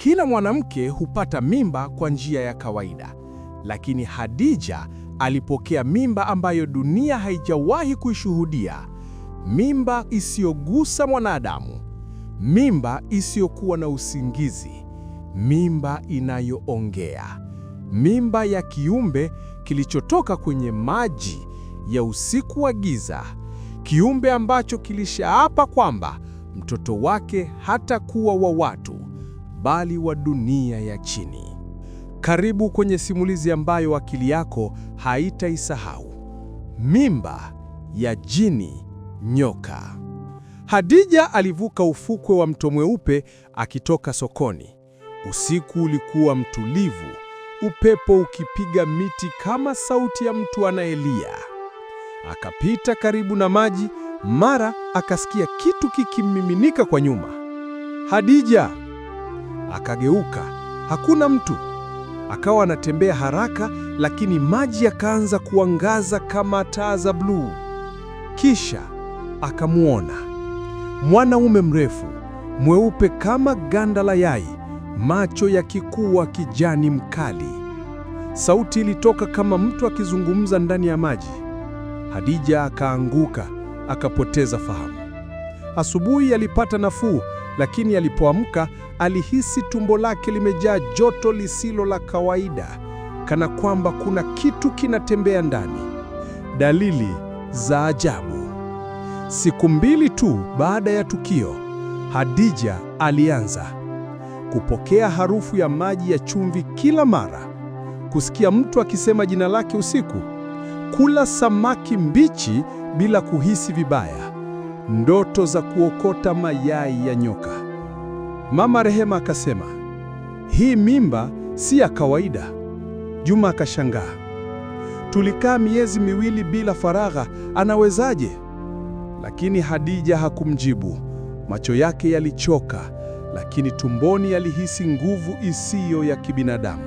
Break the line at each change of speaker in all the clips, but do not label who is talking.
Kila mwanamke hupata mimba kwa njia ya kawaida, lakini hadija alipokea mimba ambayo dunia haijawahi kuishuhudia, mimba isiyogusa mwanadamu, mimba isiyokuwa na usingizi, mimba inayoongea, mimba ya kiumbe kilichotoka kwenye maji ya usiku wa giza, kiumbe ambacho kilishaapa kwamba mtoto wake hatakuwa wa watu bali wa dunia ya chini. Karibu kwenye simulizi ambayo akili yako haitaisahau. Mimba ya jini nyoka. Hadija alivuka ufukwe wa Mto Mweupe akitoka sokoni. Usiku ulikuwa mtulivu, upepo ukipiga miti kama sauti ya mtu anayelia. Akapita karibu na maji, mara akasikia kitu kikimiminika kwa nyuma. Hadija! Akageuka, hakuna mtu. Akawa anatembea haraka, lakini maji yakaanza kuangaza kama taa za bluu. Kisha akamwona mwanaume mrefu mweupe kama ganda la yai, macho yakikuwa kijani mkali. Sauti ilitoka kama mtu akizungumza ndani ya maji. Hadija akaanguka, akapoteza fahamu. Asubuhi alipata nafuu, lakini alipoamka alihisi tumbo lake limejaa joto lisilo la kawaida, kana kwamba kuna kitu kinatembea ndani. Dalili za ajabu. Siku mbili tu baada ya tukio, Hadija alianza kupokea harufu ya maji ya chumvi kila mara, kusikia mtu akisema jina lake usiku, kula samaki mbichi bila kuhisi vibaya ndoto za kuokota mayai ya nyoka. Mama Rehema akasema, hii mimba si ya kawaida. Juma akashangaa, tulikaa miezi miwili bila faragha, anawezaje? Lakini Hadija hakumjibu. Macho yake yalichoka, lakini tumboni yalihisi nguvu isiyo ya kibinadamu.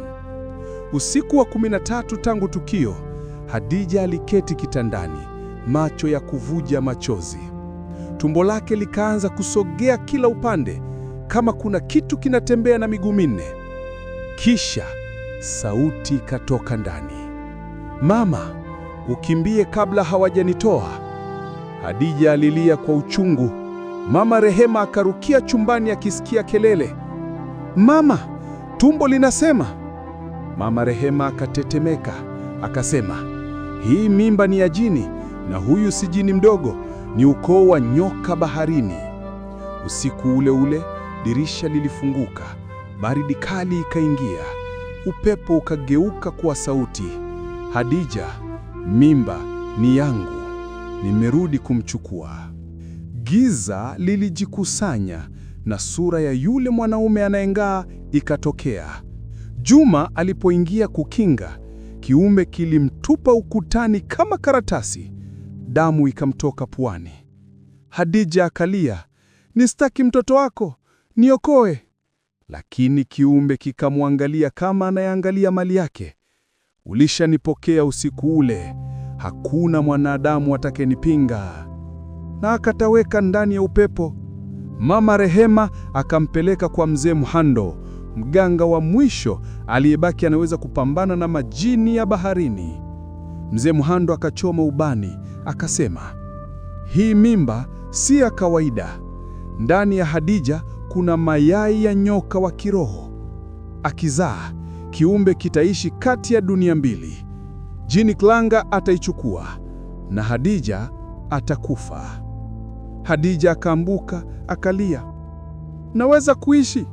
Usiku wa 13 tangu tukio, Hadija aliketi kitandani, macho ya kuvuja machozi. Tumbo lake likaanza kusogea kila upande kama kuna kitu kinatembea na miguu minne. Kisha sauti ikatoka ndani, mama, ukimbie kabla hawajanitoa. Hadija alilia kwa uchungu. Mama Rehema akarukia chumbani akisikia kelele, mama, tumbo linasema. Mama Rehema akatetemeka akasema, hii mimba ni ya jini na huyu si jini mdogo, ni ukoo wa nyoka baharini. Usiku ule ule, dirisha lilifunguka, baridi kali ikaingia, upepo ukageuka kuwa sauti. Hadija, mimba ni yangu, nimerudi kumchukua. Giza lilijikusanya na sura ya yule mwanaume anayeng'aa ikatokea. Juma alipoingia kukinga, kiumbe kilimtupa ukutani kama karatasi. Damu ikamtoka puani. Hadija akalia, nistaki mtoto wako, niokoe. Lakini kiumbe kikamwangalia kama anayeangalia mali yake. Ulishanipokea usiku ule, hakuna mwanadamu atakayenipinga. Na akataweka ndani ya upepo. Mama Rehema akampeleka kwa mzee Muhando, mganga wa mwisho aliyebaki anaweza kupambana na majini ya baharini. Mzee muhando akachoma ubani, akasema, hii mimba si ya kawaida. Ndani ya Hadija kuna mayai ya nyoka wa kiroho. Akizaa kiumbe kitaishi kati ya dunia mbili. Jini Klanga ataichukua na Hadija atakufa. Hadija akaambuka akalia, naweza kuishi?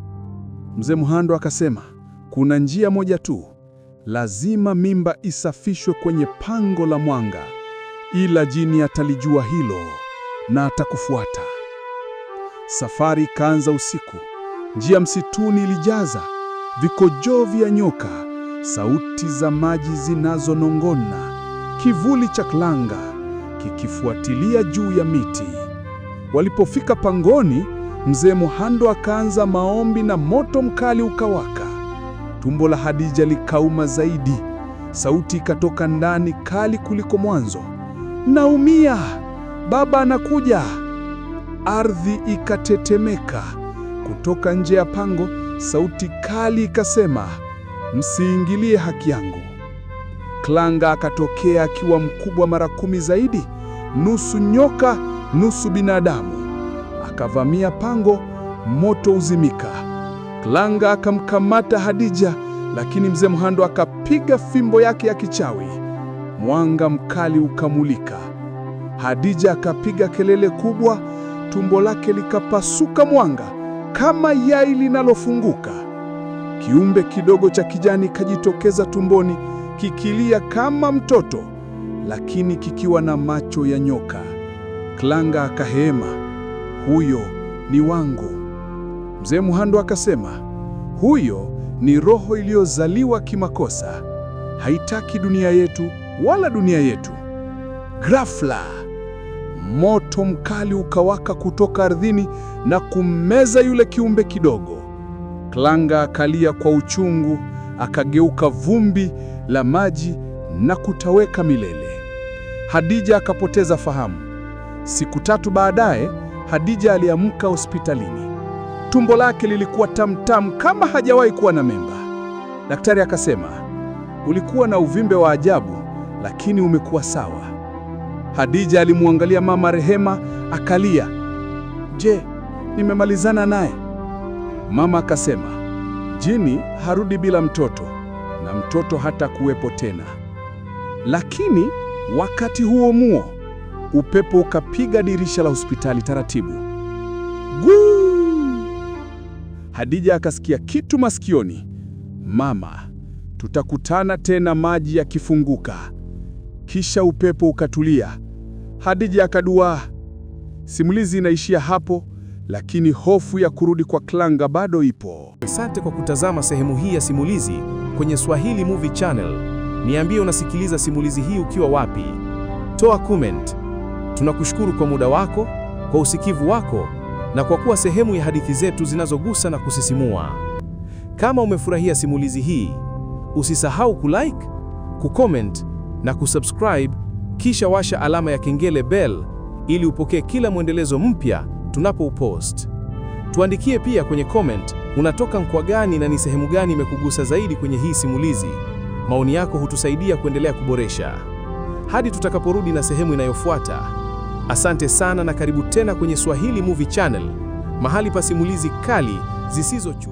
Mzee Mhando akasema, kuna njia moja tu, lazima mimba isafishwe kwenye pango la mwanga, ila jini atalijua hilo na atakufuata. Safari ikaanza usiku. Njia msituni ilijaza vikojoo vya nyoka, sauti za maji zinazonong'ona, kivuli cha klanga kikifuatilia juu ya miti. Walipofika pangoni, mzee Muhando akaanza maombi na moto mkali ukawaka. Tumbo la hadija likauma zaidi. Sauti ikatoka ndani, kali kuliko mwanzo, naumia, baba anakuja. Ardhi ikatetemeka. Kutoka nje ya pango, sauti kali ikasema, msiingilie haki yangu. Klanga akatokea akiwa mkubwa mara kumi zaidi, nusu nyoka, nusu binadamu. Akavamia pango, moto uzimika. Klanga akamkamata Hadija, lakini mzee Mhando akapiga fimbo yake ya kichawi. Mwanga mkali ukamulika. Hadija akapiga kelele kubwa, tumbo lake likapasuka mwanga kama yai linalofunguka. Kiumbe kidogo cha kijani kajitokeza tumboni kikilia kama mtoto, lakini kikiwa na macho ya nyoka. Klanga akahema, huyo ni wangu. Mzee Muhando akasema, huyo ni roho iliyozaliwa kimakosa, haitaki dunia yetu wala dunia yetu. Ghafla moto mkali ukawaka kutoka ardhini na kummeza yule kiumbe kidogo. Klanga akalia kwa uchungu, akageuka vumbi la maji na kutaweka milele. Hadija akapoteza fahamu. Siku tatu baadaye, Hadija aliamka hospitalini. Tumbo lake lilikuwa tamtam kama hajawahi kuwa na memba. Daktari akasema, ulikuwa na uvimbe wa ajabu, lakini umekuwa sawa. Hadija alimwangalia mama Rehema akalia, je, nimemalizana naye? Mama akasema, jini harudi bila mtoto na mtoto hata kuwepo tena. Lakini wakati huo muo upepo ukapiga dirisha la hospitali taratibu. Hadija akasikia kitu masikioni, mama, tutakutana tena maji yakifunguka. Kisha upepo ukatulia. Hadija akaduaa. Simulizi inaishia hapo, lakini hofu ya kurudi kwa Klanga bado ipo.
Asante kwa kutazama sehemu hii ya simulizi kwenye Swahili Movie Channel. Niambie unasikiliza simulizi hii ukiwa wapi? Toa comment. Tunakushukuru kwa muda wako, kwa usikivu wako na kwa kuwa sehemu ya hadithi zetu zinazogusa na kusisimua. Kama umefurahia simulizi hii, usisahau kulike, kucomment na kusubscribe, kisha washa alama ya kengele bell ili upokee kila mwendelezo mpya tunapoupost. Tuandikie pia kwenye comment unatoka mkoa gani na ni sehemu gani imekugusa zaidi kwenye hii simulizi. Maoni yako hutusaidia kuendelea kuboresha. Hadi tutakaporudi na sehemu inayofuata. Asante sana na karibu tena kwenye Swahili Movie Channel, mahali pa simulizi kali zisizochu